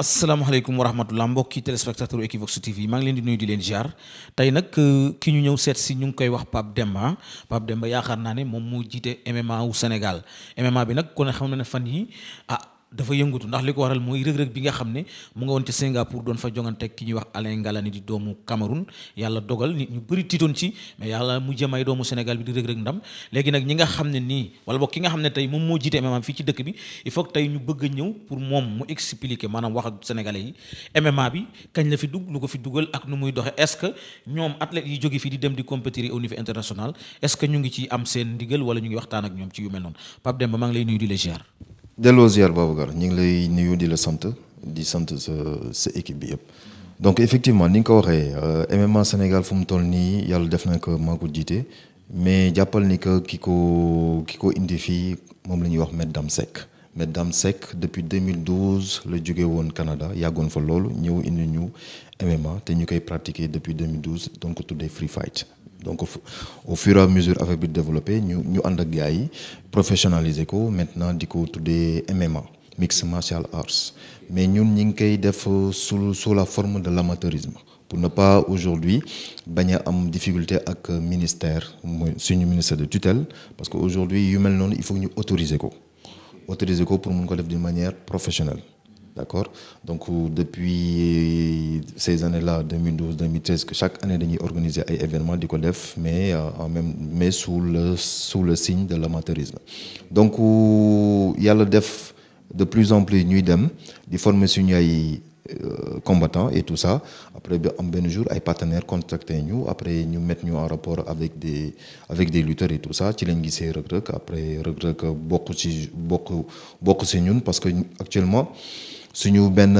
asalaamaaleykum wa rahmatulah mbokki téléspectateur Equivox TV maa ngi leen di nuyu di leen ziar tey nag euh, ki ñu ñëw seet si ñu ngi koy wax Pape Demba paab Demba yaakaar naa ne moom moo jiite MMA u Sénégal MMA bi nag ku ne xam na ne fan yi ah. dafa yëngutu ndax li ko waral mooy rëg-rëg bi nga xam ne mu nga woon ca Singapour doon fa jongante ki ñuy wax Alain Ngalani di doomu Cameroun yàlla dogal nit ñu bëri tiitoon ci mais yàlla mu jëmay doomu Sénégal bi di rëg-rëg ndam léegi nag ñi nga xam ne nii wala boog ki nga xam ne tey moom moo jiite MMA fii ci dëkk bi il faut que tey ñu bëgg a ñëw pour moom maanaam wax ak Sénégalais yi MMA bi kañ la fi dugg lu ko fi dugal ak nu muy doxe est-ce que ñoom athlètes yi jóge fii di dem di compétir au niveau international est ñu ngi ci am seen ndigal wala ñu ngi waxtaan ñoom ci yu mel noonu Pape Demba maa ngi lay nuyu delloo ziar Babacar ñu ngi lay nuyu di la sant di sant sa sa équipe bi yëpp donc effectivement ni nga ko waxee euh, MMA Sénégal fu mu toll nii yàlla def na ko maa ko jiite mais jàppal ni que ki ko ki ko indi fii moom la ñuy wax Maître Dame Seck Maître Dame Seck depuis 2012 la jóge woon Canada yàggoon fa loolu ñëw indi ñu MMA te ñu koy pratiquer depuis 2012 donc tuddee free fight donc au fur et à mesure affaire bi développé ñu ñu ànd ak gars yi professionnaliser ko maintenant di ko tuddee MMA mixed martial arts mais ñun ñi ngi koy def su su la forme de l'amateurisme pour ne pas aujourd'hui bañ a am difficulté ak ministère mooy suñu ministère de tutelle parce que aujourd'hui yu mel noonu il faut ñu autoriser ko autoriser ko pour mun ko def di manière professionnelle d'accord donc euh, depuis ces années-là 2012 2013 que chaque année dañuy organiser ay événements di ko def mais euh, en même mais sous le le signe de l'amateurisme donc euh, yàlla def de plus en plus ñuy dem di former suñu ay combattants et tout ça après bi am benn jour ay partenaires contacté ñu après ñu met ñu en rapport avec des avec des lutteurs et tout ça ci lañ gisee Reug Reug après Reug Reug bokk ci bokk bokku si ñun parce que actuellement suñu benn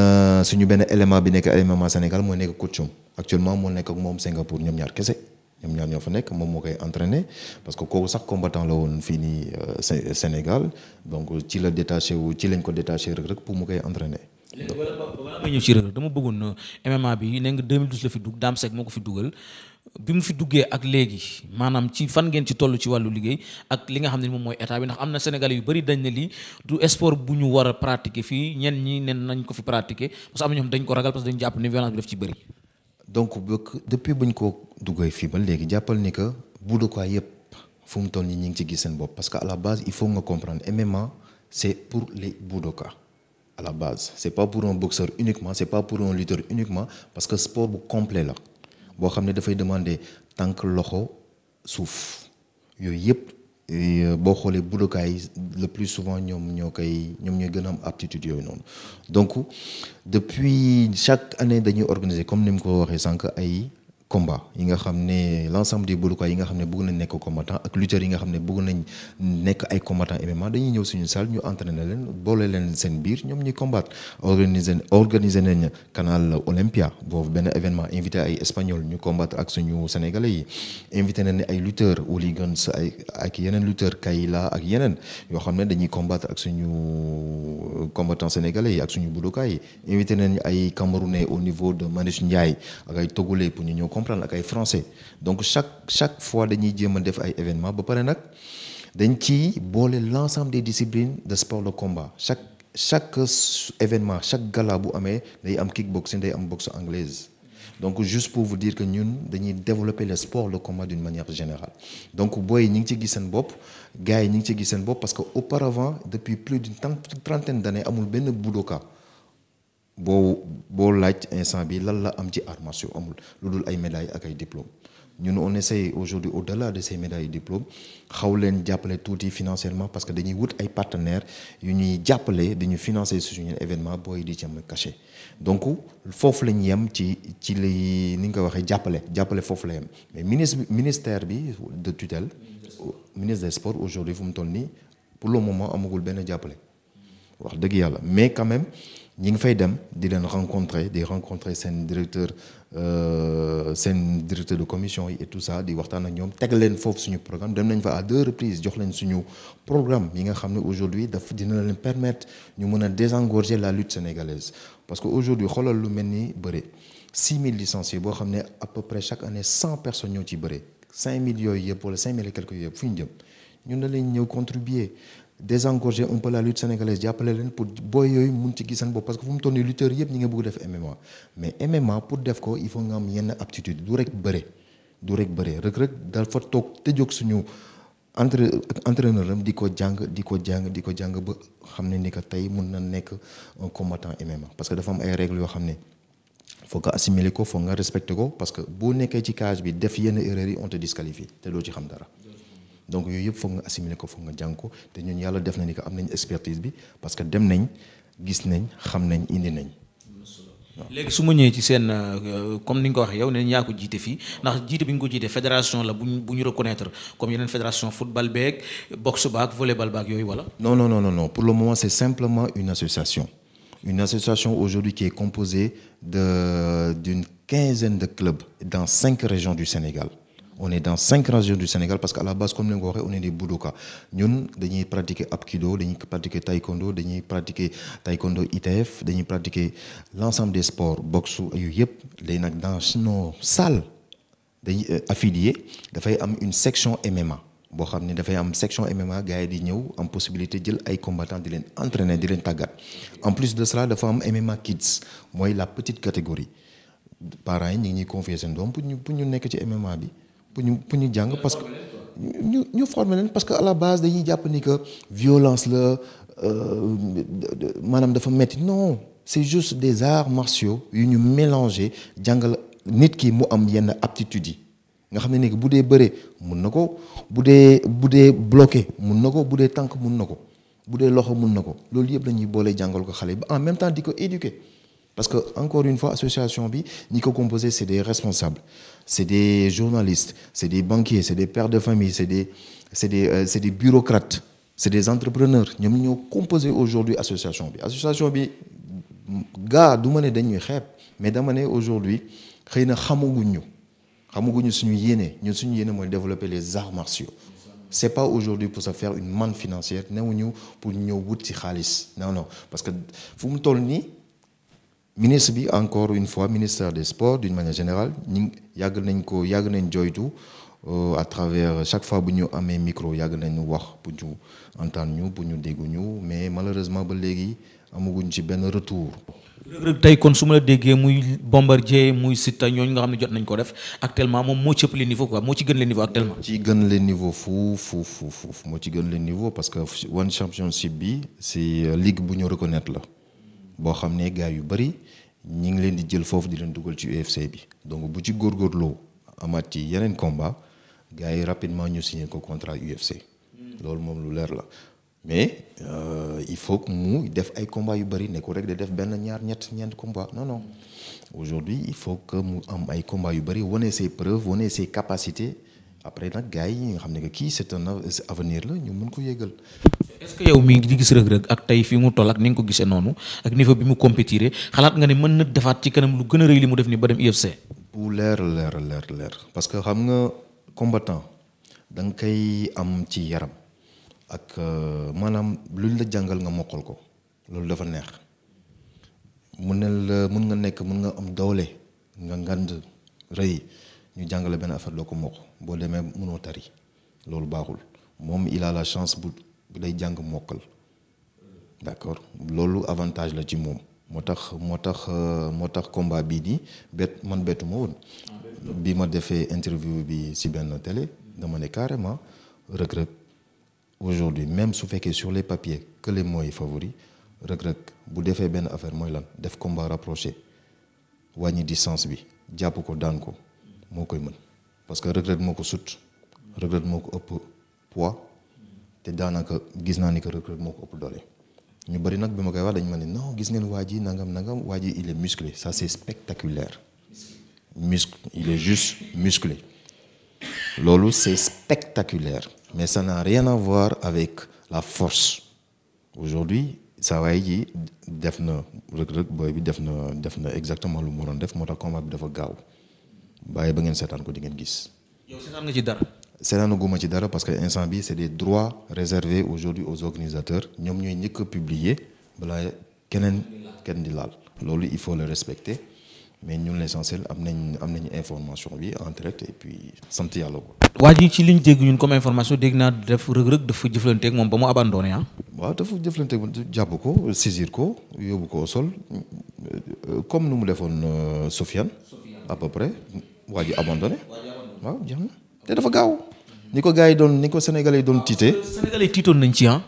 suñu benn élément bi nekk élément Sénégal mooy nekk coachum actuellement moo nekk ak moom Singapour ñoom ñaar kese ñoom ñaar ñoo fa nekk moom moo koy entraîné parce que kooku sax combattant la woon fii nii euh, Sénégal donc ci la détaché wu ci lañ ko détaché rek rek pour mu koy entraîné. léegi wala wala may ñëw ci Reug Reug dama bëggoon euh, MMA bi ne nga 2012 la fi dugg Dame Seck ko fi dugal bi mu fi duggee ak léegi maanaam ci fan ngeen ci toll ci wàllu liggéey ak li nga xam ne moom mooy état bi ndax am na Sénégalais yu bëri dañ ne li du sport bu ñu wara a pratiquer fii ñen ñi nen nañ ko fi pratiquer parce que am na ñoom dañ ko ragal parce que dañu jàpp ne violence bi daf ci bëri. donc depuis buñ ko duggee fii ba léegi jàppal ni que buddu quoi yëpp fu mu toll nii ñu ngi ci gis seen bopp parce que la base il faut nga comprendre MMA c'est pour les judokas la base c'est pas pour un boxeur uniquement c'est pas pour un lutteur uniquement parce que sport bu complet la boo xam ne dafay demander tànk loxo suuf yooyu yëpp euh, boo xoolee budokaay le plus souvent ñoom ñoo koy ñoom ñooy gën a am aptitude yooyu noonu donc depuis chaque année dañuy organiser comme ni mu ko waxee sànq ay combat yi nga xam ne l'ensemble des Boulouka yi nga xam ne bëgg nañ nekk combattant ak lutteurs yi nga xam ne bëgg nañ nekk ay combattant MMA dañuy ñëw suñu salle ñu entraîner leen boole leen seen biir ñoom ñuy combattre organiser organiser nañ canal Olympia boobu benn événement invité ay espagnol ñu combattre ak suñu sénégalais yi invité nañ ay lutteurs hooligans ay ak yeneen lutteurs Kayla ak yeneen yoo xam ne dañuy combattre ak suñu combattant sénégalais yi ak suñu Boulouka yi invité nañ ay Camerounais au niveau de Manis Ndiaye comprendre ak ay français donc chaque fois dañuy jéem a def ay événements ba pare nag dañ ci boole l'ensemble des disciplines de sport de combat chaque chaque événement chaque gala bu amee day am kickboxing day am boxe anglaise donc juste pour vous dire que ñun dañuy développer le sport de combat d'une manière générale donc booy ñi ngi ci gis seen bopp gars yi ñi ngi ci gis seen bopp parce que auparavant depuis plus d'une trentaine d'années amul benn budoka boo boo laaj instant bi lan la am ci arts amul lu dul ay médailles ak ay ñu ñun on essaye aujourd'hui au-delà de ces médailles et diplômes xaw leen jàppale tuuti financièrement parce que dañuy wut ay partenaires yu ñuy jàppale dañu financer suñu événement booy di jëm cachet donc foofu la ñu yem ci ci li ni nga ko waxee jàppale jàppale foofu la yem mais ministre bi de tutelle ministre des sport aujourd'hui fu mu toll nii pour le moment amagul benn jàppale yàlla mais ñi ngi fay dem di leen rencontrer di rencontrer seen directeur euh, seen directeur de commission yi et tout ça di waxtaan ak ñoom teg leen foofu suñu programme dem nañ fa à deux reprises jox leen suñu programme yi nga xam ne aujourd'hui daf dina leen permettre ñu mën a désengorger la lutte sénégalaise parce que aujourd'hui xoolal lu mel ni bëre six mille licenciés boo xam ne à peu près chaque année cent personnes ñoo ci bëre cinq mille yooyu yëpp wala cinq yëpp fu ñu jëm ñun da lañ ñëw contribuer désengorger un peu la lutte sénégalaise jàppale leen pour booy yooyu mun ci gis seen bopp parce que fu mu toll nii lutteurs yëpp ñi nga bëgg def MMA mais MMA pour def ko il faut nga am yenn aptitude du rek bëre du rek bëre rek rek dafa toog te jóg suñu entre entraîneur am di ko jàng di ko jàng di ko jàng ba xam ne ni que tey mun na nekk un combattant MMA parce que dafa am ay règles yoo xam ne foog nga assimiler ko foog nga respecter ko parce que boo nekkee ci cage bi def yen erreurs yi on te disqualifie te doo ci xam dara. donc yooyu yëpp foog nga assimiler ko foog nga jàng ko te ñun yàlla def na ni que am nañ expertise bi parce que dem nañ gis nañ xam nañ indi nañ. léegi su ma ñëwee ci seen euh, comme ni nga ko waxee yow ne yaa ko jiite fii ndax jiite bi nga ko jiite fédération la bu ñu bu ñu reconnaître comme yeneen fédération football beeg boxe baag volleyball baag yooyu wala. non non non non pour le moment c'est simplement une association une association aujourd'hui qui est composée de d'une quinzaine de clubs dans cinq régions du Sénégal. on est dans cinq régions du Sénégal parce que à la base comme ni nga ko waxee on est des budoka ñun dañuy pratiquer apkido dañuy pratiquer taekwondo dañuy pratiquer taekwondo ITF dañuy pratiquer l'ensemble des sports boxe yooyu yëpp léegi nag dans nos salles dañuy euh, affilié dafay am une section MMA. boo xam ne dafay am section MMA gars yi di ñëw am possibilité jël ay combattants di leen entraîner di leen tàggat en plus de cela dafa am MMA kids mooy la petite catégorie parents yi ngi ñuy confier seen doom pour ñu pour nekk ci MMA bi. pour ñu pour ñu jàng parce que ñu ñu former leen parce que à la base dañuy jàpp ni que violence la euh, maanaam dafa metti non c'est juste des arts martiaux yu ñu mélangé jàngal nit kii mu am yenn aptitudes yi nga xam ne ni bu dee bëree mun na ko bu dee bu dee bloqué mun na ko bu dee tànk mun na ko bu dee loxo mun na ko loolu yëpp dañuy boole jàngal ko xale yi ba en même temps di ko éduquer parce que encore une fois association bi ñu ko composé c'est des responsables c'est des journalistes c'est des banquiers c'est des pères de famille c'est des c'est des euh, c'est des bureaucrates c'est des entrepreneurs ñoom ñoo composé aujourd'hui association bi association bi gaa du ma ne dañuy xeeb mais dama ne aujourd'hui xëy na xamaguñu xamaguñu suñu yéene ñun suñu yéene mooy développer les arts martiaux c'est pas aujourd'hui pour se faire une manne financière newuñu pour ñëw wut ci xaalis non parce que fu mu toll nii ministre bi encore une fois ministère des sports d'une manière générale ñi yàgg nañ ko yàgg nañ joytu euh, à travers chaque fois bu ñu amee micro yàgg nañu wax bu ñu entendre ñu bu ñu déggu ñu mais malheureusement ba léegi amaguñ ci benn retour. rëg-rëg tey kon su ma la déggee muy Bombardier muy Siteu ñooñu nga xam ne jot nañ ko def actuellement moom moo ci ëpp le niveau quoi moo ci gën le niveau actuellement. ci gën leen niveau fu fu fu fu moo ci gën leen niveau parce que one championship bi c'est euh, ligue bu ñu reconnaître la. boo xam ne gars yu bëri ñi ngi leen di jël foofu di leen dugal ci UFC bi donc bu ci góorgóorloo amaat ci yeneen combat gars yi rapidement ñu signé ko contrat UFC. Hmm. loolu moom lu leer la mais euh, il faut que mu def ay combat yu bëri nekkul rek da def benn ñaar ñett ñeent combat non non aujourd'hui il faut que mu am ay combat yu bëri wane ses preuves wane ses capacités après nag gars yi nga xam ne que kii c'est un avenir la ñu mën ko yëgal. est-ce que yow mii di gis rëg-rëg ak tey fi mu toll ak ko gisee noonu ak bi mu compétiré xalaat nga ne mën na defaat ci kanam lu gën a li mu def ni ba dem UFC. bu leer leer leer leer parce que xam nga combattant da nga koy am ci yaram ak euh, maanaam lu la jàngal nga mokkal ko loolu dafa neex mun ne la nga nekk mun nga am doole nga ngand rëy ñu jàngale benn affaire doo ko mokk boo demee mënoo tari loolu baaxul moom il a la chance bu. bi day jàng mokkal d'accord loolu avantage la ci moom moo tax moo tax euh, moo tax combat bii nii bett man bettu ma woon bi ma defee interview bi ci benn télé dama ne carrément Reug Reug aujourd'hui même su fekkee sur les papiers que les mooy favori Reug Reug bu defee benn affaire mooy lan def combat rapproché wàññi distance bi jàpp ko daan ko moo koy mën parce que Reug Reug moo ko sut Reug Reug moo ko ëpp poids te daanaka gis naa ni que Reug Reug moo ko ëpp doole ñu bëri nag bi ma koy wax dañ ma ne non gis ngeen waa ji nangam nangam waa ji il est musclé ça c'est spectaculaire muscle il est juste musclé loolu c'est mais ça n'a rien à voir avec la force aujourd'hui saa waay ji def na Reug Reug booy bi def na def na exactement lu mu waroon def moo tax combat bi dafa gaaw bàyyi ba ngeen seetaan ko di ngeen gis. yow ci dara. seetaanaguma ci dara parce que instant bi c'est des droits réservés aujourd'hui aux organisateurs ñoom ñooy njëkk a publier balaa keneen kenn di laal loolu il faut le respecter mais ñun l'essentiel am nañ am nañu information bi en direct et puis sant yàlla ko waa ji ci li ñu dégg ñun comme information dégg naa def rëg-rëg dafa jëflanteeg moom ba mu abandonné ah waaw dafa jëflanteeg jàpp ko saisir ko yóbbu ko sol comme nu mu defoon euh, Sofiane à peu près waa ji abandonné waaw jeex na ni ko gars yi doon ni ko sénégalais yi doon tiite. Euh, sénégalais yi tiitoon nañ ci ah.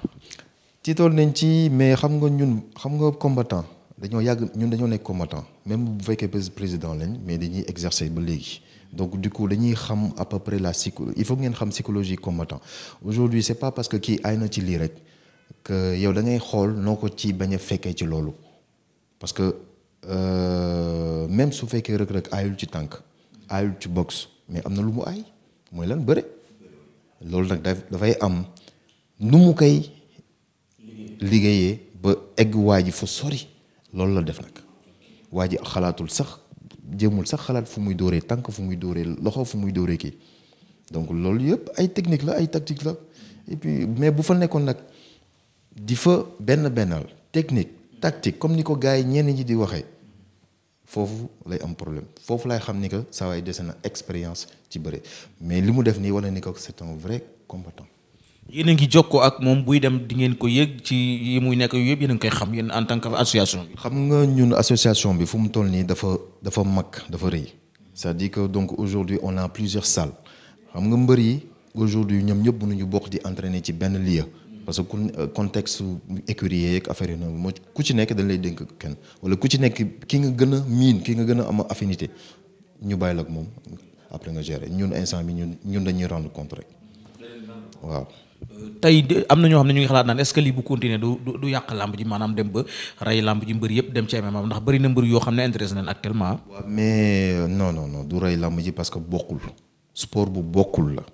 tiitoon nañ ci mais xam nga ñun xam nga combattant dañoo yàgg ñun dañoo nekk combattant même bu fekkee président lañ mais dañuy exercer ba léegi. donc du coup dañuy xam à peu la psychologie il faut ngeen xam psychologie combattant aujourd'hui c'est pas parce que ki ay na ci lii rek que yow da ngay xool noo ko ci bañ a fekkee ci loolu parce que euh, su fekkee rek rek aayul ci tànk aayul ci boxe mais am na lu mu aay mooy lan bëre. loolu nag dafay am nu mu koy liggéeyee ba egg waa ji fa sori loolu la def nag waa ji xalaatul sax jéemul sax xalaat fu muy dóoree tànk fu muy dóoree loxo fu muy dóoree kii donc loolu yëpp ay technique la ay tactique la et mais bu fa nekkoon nag di fa benn bennal technique tactique comme ni ko gars yi ñenn ñi di waxee foofu lay am problème foofu laay xam ni que saa waay dese na expérience ci bëre mais li mu def nii wala ni que c'est un vrai combattant. yéen a ngi jokkoo ak moom buy dem di ngeen ko yëg ci yi muy nekk yooyu yëpp yéen a koy xam yéen en tant que association bi. xam nga ñun association bi fu mu toll nii dafa dafa mag dafa rëy c'est-à-dire que donc aujourd'hui on a plusieurs salles xam nga mbër yi aujourd'hui ñoom ñëpp ñu bokk di entraîner ci benn lieu. parce que euh, contexte écurie yeeg affaire yi noonu moo ku ci nekk dañ lay dénk kenn wala ku ci nekk ki nga gën a miin ki nga gën a am affinité ñu bàyyi la moom après nga gérer ñun instant bi ñun ñun dañuy rendre compte rek waaw. tey am na ñoo xam ne ñu ngi xalaat naan est-ce bu continuer du du yàq làmb ji maanaam dem ba rey làmb ji mbër yëpp dem ci MMA ndax bëri na mbër yoo xam ne intéressé nañ actuellement. waaw mais euh, non non non du rey làmb ji parce que bokkul sport bu bokkul la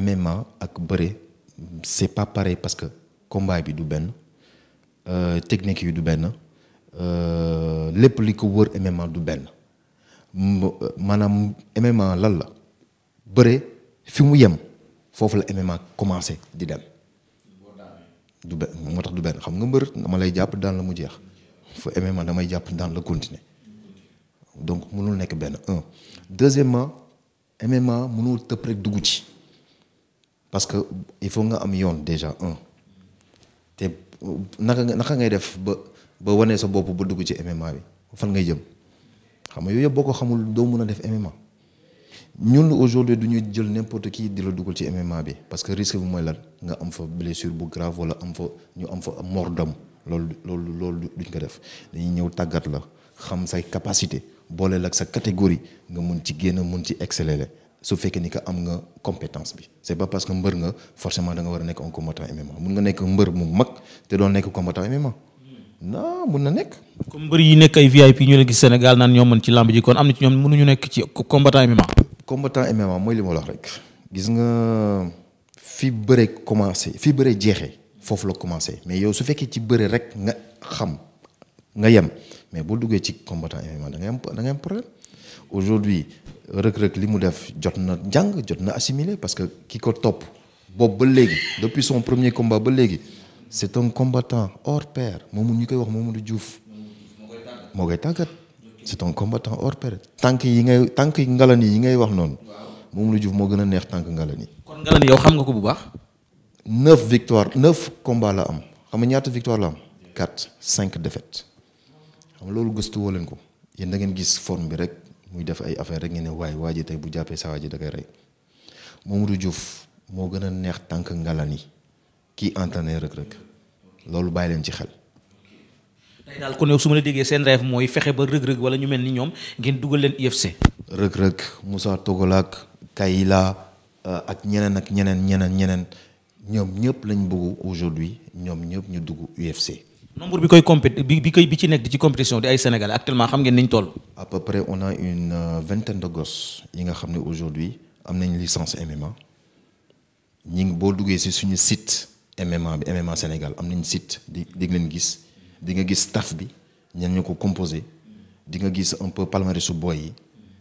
MMA ak bëre. c'est pas pareil parce que combat bi du benn euh, technique yi du benn euh, lépp li ko wër MMA du benn maanaam MMA lan la bëre fi mu yem foofu la MMA commencé di dem. du benn moo tax du benn xam nga mbër dama lay jàpp daan la mu jeex fu MMA damay jàpp daan la continuer donc mënul nekk benn un deuxièmement MMA mënul tëb rek dugg ci. parce que il faut nga am yoon déjà un te naka nga naka ngay def ba ba wane sa bopp ba dugg ci MMA bi fan ngay jëm xam nga yooyu yëpp boo ko xamul doo mun a def MMA ñun aujourd'hui du ñu jël n'importe qui di la dugal ci MMA bi parce que risque bi mooy lan nga am fa blessure bu grave wala am fa ñu am fa mort d'homme loolu loolu loolu duñ ko def dañuy ñëw tàggat la xam say capacité booleel ak sa catégorie nga mun ci génn mun ci exceller su fekkee ni que am nga compétence bi c'est pas parce que mbër nga forcément da war a nekk un combattant MMA mun nga nekk mbër mu mag te doon nekk combattant MMA non mun na nekk. comme mbër yi nekk ay VIP ñu la gis Sénégal naan ñoo mën ci làmb ji kon am na ci ñoom mënuñu nekk ci combattant MMA. combattant MMA mooy li ma wax rek gis nga fi bëre commencé fi bëre jeexee foofu la commencé mais yow su fekkee ci bëre rek nga xam nga yem mais boo duggee ci combattant MMA da ngay am da ngay am problème. aujourd'hui rëk-rëk li mu def jot na jàng jot na assimilé parce que ki ko topp boobu ba léegi depuis son premier combat ba léegi c'est un combattant hors pair moomu ñu koy wax Mamadou juuf moo koy tàggat c'est un combattant hors pair tànk yi ngay tànk ngalan yi ngay wax noonu moom Mamadou Diouf moo gën a neex tànk ngalan yi kon ngalan yow xam nga ko bu baax neuf victoire neuf combat la am xam nga ñaata victoire la am quatre cinq défaites xam nga loolu gëstu woo leen ko yéen da ngeen gis forme bi rek muy def ay affaire rek ngeen ne waay waa ji tey bu jàppee saa waa ji da koy rey Mamadou Diouf moo gën a neex tànk ngalan yi kii entraîné Reug Reug loolu bàyyi leen ci xel. tey kon yow su ma la déggee seen rêve mooy fexe ba Reug Reug wala ñu mel ni ñoom ngeen dugal leen UFC. Reug Reug Moussa togolaak Kayla euh, ak ñeneen ak ñeneen ñeneen ñeneen ñoom ñëpp lañ bëgg aujourd'hui ñoom ñëpp ñu dugg UFC. nombre bi koy compét bi bi bi ci nekk di ci compétition di ay Sénégalais actuellement xam ngeen ni ñu toll. à peu près on a une euh, vingtaine de gosses yi nga xam ne aujourd'hui am nañ licence MMA ñi boo duggee si suñu site MMA bi MMA Sénégal am nañ site di di leen gis di nga gis staff bi ñan ñu ko composé di nga gis un peu palmarès su boy yi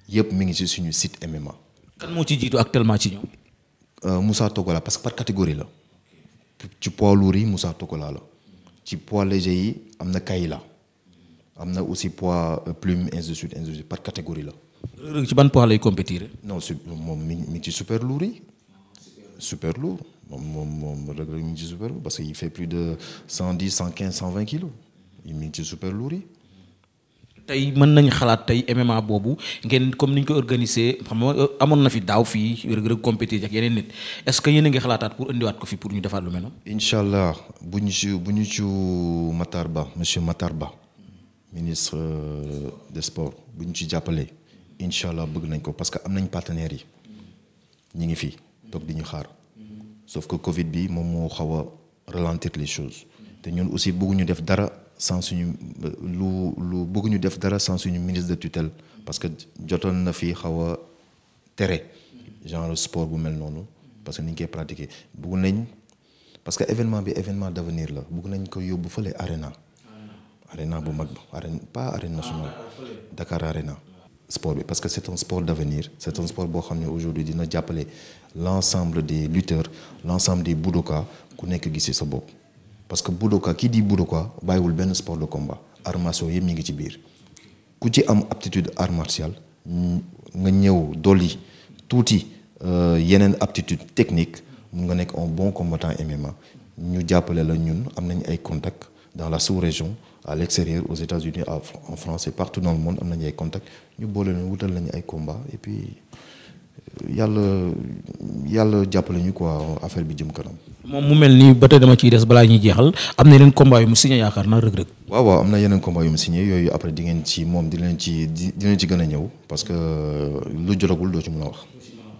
yëpp mu ngi si suñu site MMA. kan moo ci jiitu actuellement ci ñoom. Euh, Moussa Togola parce que par catégorie la. ci poids lourd yi Moussa Togola la. ci poids léger yi am na kayila am na aussi poids euh, plume ainsi de suite ainsi de suite par catégorie la. rëg ci ban poids lay compétir. non su moom mi ngi ci super lourd yi. super lourd moom moom moom rëg rëg ci super lourd parce que il fait plus de cent dix cent quinze cent vingt kilos mi ngi ci super lourd yi. tey mën nañ xalaat tey MMA boobu ngeen comme ni ñu ko organisé xam nga euh, amoon na fi daaw fii Reug Reug compété yeneen nit est-ce que yéen a ngi xalaataat pour indiwaat ko fi pour ñu defaat lu mel noonu. bu ñu ci bu ñu ci Matar Ba monsieur Matar Ba ministre euh, des sports bu ñu ci jàppale incha allah bëgg nañ ko parce que am nañ partenaires yi ñu ngi fii toog di ñu xaar sauf que Covid bi moom moo xaw a ralentir les choses te ñun aussi bëgguñu def dara. sans suñu lu lu ñu def dara sans suñu ministre de tutelle parce que jotoon na fi xaw a tere genre sport bu mel noonu parce que ni ñu koy pratiquer bëgg nañ parce que événement bi événement d'avenir la bëgg nañ ko yóbbu fële arena arena bu mag ba arène pas arène nationale Dakar arena sport bi parce que c'est un sport d'avenir c'est un sport boo xam ne aujourd'hui dina jàppale l'ensemble des lutteurs l'ensemble des budokas ku nekk gis ci sa bopp parce que Budoka kii di Budoka bàyyiwul benn sport de combat arts martiaux yëpp ñu ngi ci biir ku ci am aptitude art martial nga ñëw dolli tuuti euh, yeneen aptitude technique mun nga nekk un bon combattant MMA ñu jàppale la ñun am nañu ay contacts dans la sous-région à l'extérieur aux États-Unis en France et partout dans le monde am nañu ay contacts ñu boole leen wutal nañu ay combats et puis. yàlla yàlla jàppale ñu quoi affaire bi jëm kanam. moom mu mel nii ba tey dama ciy des balaa ñuy jeexal am na yeneen combat yu mu signé yaakaar naa rëg-rëg. waaw waaw am na yeneen combat yu mu signé yooyu après di ngeen ci moom di leen ci di di leen gën a ñëw parce que lu jotagul doo ci mën a wax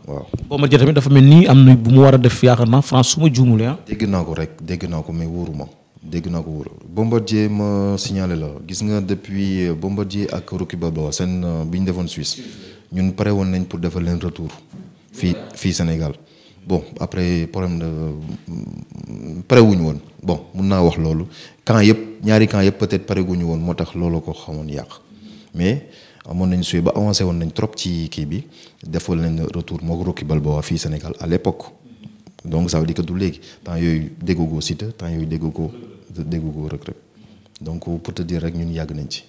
waaw. Bombardier tamit dafa mel nii am na bu mu war a def yaakaar naa France su ma juumulee ah. dégg naa ko rek dégg naa ko mais wóoruma dégg naa ko wóoruma Bombardier ma signalé la gis nga depuis Bombardier ak Rocky Balboa seen euh, bi ñu defoon Suisse. ñun pare woon nañ pour defal leen retour fii fii Sénégal bon après problème de pare woon bon mun naa wax loolu camp yëpp ñaari camp yëpp peut-être pare woon moo tax loolu ko xamoon yàq mais amoon nañ suy ba avancé woon nañ trop ci kii bi defal leen retour moo ko Rocky Balboa fii Sénégal à l'époque donc ça veut du léegi temps yooyu déggu ko Siteu temps yooyu déggu ko déggu ko donc pour te dire rek ñun yàgg nañ ci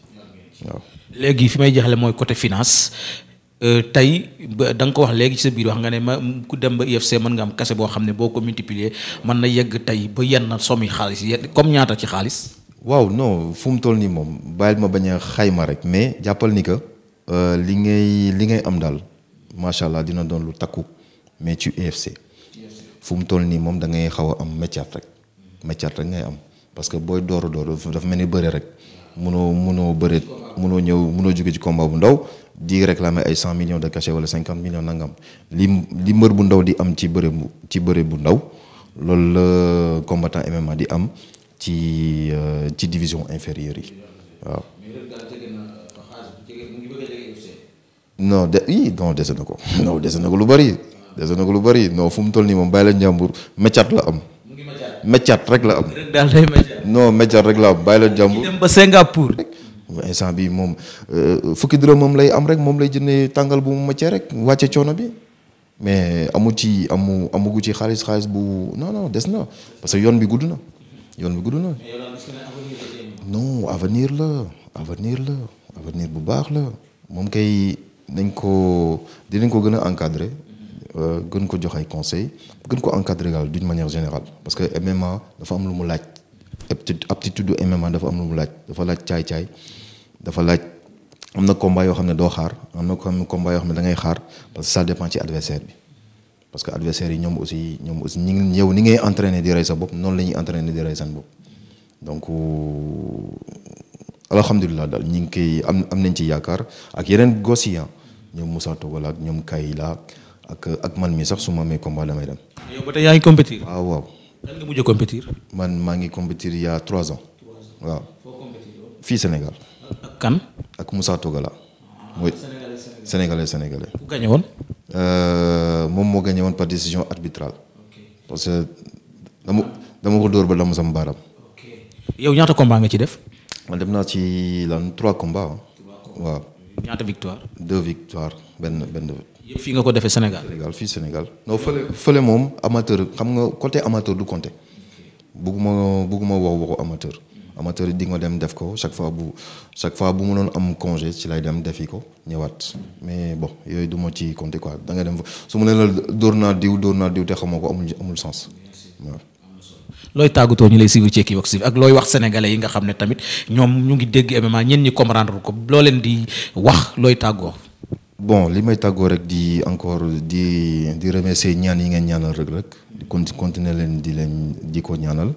waaw. léegi fi may jaxle finance Euh, tey da nga ko wax léegi ci sa biir wax nga ne ma ku dem ba IFC mën nga am kase boo xam ne boo ko multiplier mën na yegg tey ba yenn somi xaalis yi comme ñaata ci xaalis. waaw non fu mu toll nii moom bàyyil ma bañ a xayma rek mais jàppal ni que euh, li ngay li ngay am daal macha allah dina doon lu takku mais ci IFC. fu mu toll nii moom da ngay xaw a am métier rek métier rek ngay am parce que booy door a dafa mel ni bëre rek. mënoo mënoo bëreet mënoo ñëw mënoo jóge ci combat bu ndaw di réclamer ay cent millions de cachet wala cinquante millions nangam li li mbër bu ndaw di am ci bëre bu ci bëre bu ndaw loolu la combattant MMA di am ci euh, ci division inférieur yi waaw. non de ii non dese na ko. non dese na ko lu bari. dese na ko lu bari non fu mu toll nii moom bàyyi la njàmbur meccat la am. méccat rek la am. rek daal day méccat. rek la am bàyyi la jàmbur. dem ba Singapour. instant bi moom euh, fukki dërëm moom lay am rek moom lay jëndee tàngal bu mu mëccee rek wàcce coono bi mais amu ci amu amugu ci xaalis xaalis bu non non des na parce que yoon bi gudd na yoon bi gudd na. non avenir la avenir la avenir bu baax la moom kay nañ ko dinañ ko gën a encadrer. Euh, gën ko jox ay conseils gën ko encadrer daal d'une manière générale parce que MMA dafa am lu mu laaj aptitude aptitude MMA dafa am lu mu laaj dafa laaj caay-caay dafa laaj am na combat yoo xam ne doo xaar am na xam ne combat yoo xam ne da ngay xaar parce que ça dépend ci adversaire bi parce que adversaire yi ñoom aussi ñoom aussi ñi ngi yow ni ngay entraîner di rey sa bopp noonu la ñuy entraîner di rey seen bopp donc euh, alhamdulilah daal ñi ngi koy am am nañ ci yaakaar ak yeneen gos yi ah, ñoom Moussa Togolaat ñoom Kayla ak ak man mi sax su ma amee combat damay dem. yaa ngi compétir. Ah, waaw waaw. man maa ngi compétir il y a trois ans. waaw. fii Sénégal. ak kan. ak Moussa ah, mooy sénégalais sénégalais. Euh, moom moo gagné woon par décision arbitrale. parce que dama dama ko dóor ba dama sama baaram. yow ñaata combat nga ci def. man dem naa ci lan trois combats waaw. ñaata victoire. deux victoires benn benn. fii nga ko defee Sénégal. Sénégal fii Sénégal noo fële fële moom amateur xam nga côté amateur du compter bugguma bugguma wax waxu amateur. amateur yi di nga dem def ko chaque fois bu chaque fois bu mu doon am congé ci lay dem defi ko ñëwaat mais bon yooyu du ma ci compter quoi da nga dem su ma nee la dóor naa diw door naa diw te xamoo ko amul amul sens waaw. looy tàggatoo ñu lay suivre ci Equivox TV ak looy wax sénégalais yi nga xam ne tamit ñoom ñu ngi dégg MMA ñenn ñi comprendre ko loo leen di wax looy tàggoo. bon li may tàggoo rek di encore di di remercier ñaan yi ngeen ñaanal Reug Reug di continuer leen di leen di ko ñaanal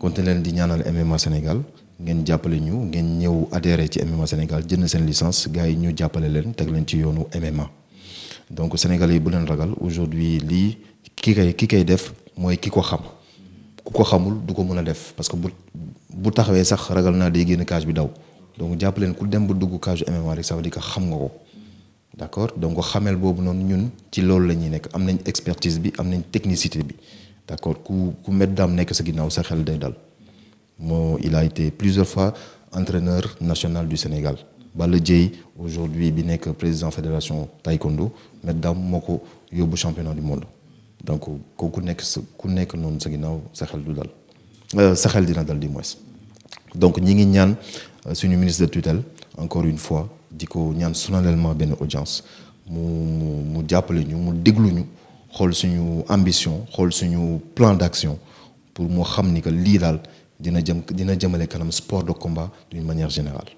continuer leen di ñaanal MMA Sénégal ngeen jàppale ñu ngeen ñëw adhéré ci MMA Sénégal jënd seen licence gars yi ñu jàppale leen teg leen ci yoonu MMA donc sénégal yi bu leen ragal aujourd'hui lii ki kay ki kay def mooy ki ko xam ku ko xamul du ko mën a def parce que bu bu taxawee sax ragal naa day génn cage bi daw donc jàppaleen ku dem ba dugg cage MMA rek ça xam nga ko d'accord donc xamel boobu noonu ñun ci loolu la ñuy nekk am nañ expertise bi am nañ technicité bi d'accord ku ku met daam nekk sa ginnaaw sa xel day dal moo il a été fois entraîneur national du Sénégal Balla Dieye aujourd'hui bi nekk président fédération taekwondo met daam moo ko yóbbu championnat du monde donc kooku nekk sa ku nekk noonu sa ginnaaw sa xel du dal euh, sa xel dina dal di moins donc ñi ngi ñaan euh, suñu ministre de tutelle encore une fois di ko ñaan solennellement benn audience mu mu jàppale ñu mu déglu ñu xool suñu ambition xool suñu plan d'action pour moo xam ni que lii daal dina jëm dina jëmale kanam sport de combat d'une manière générale.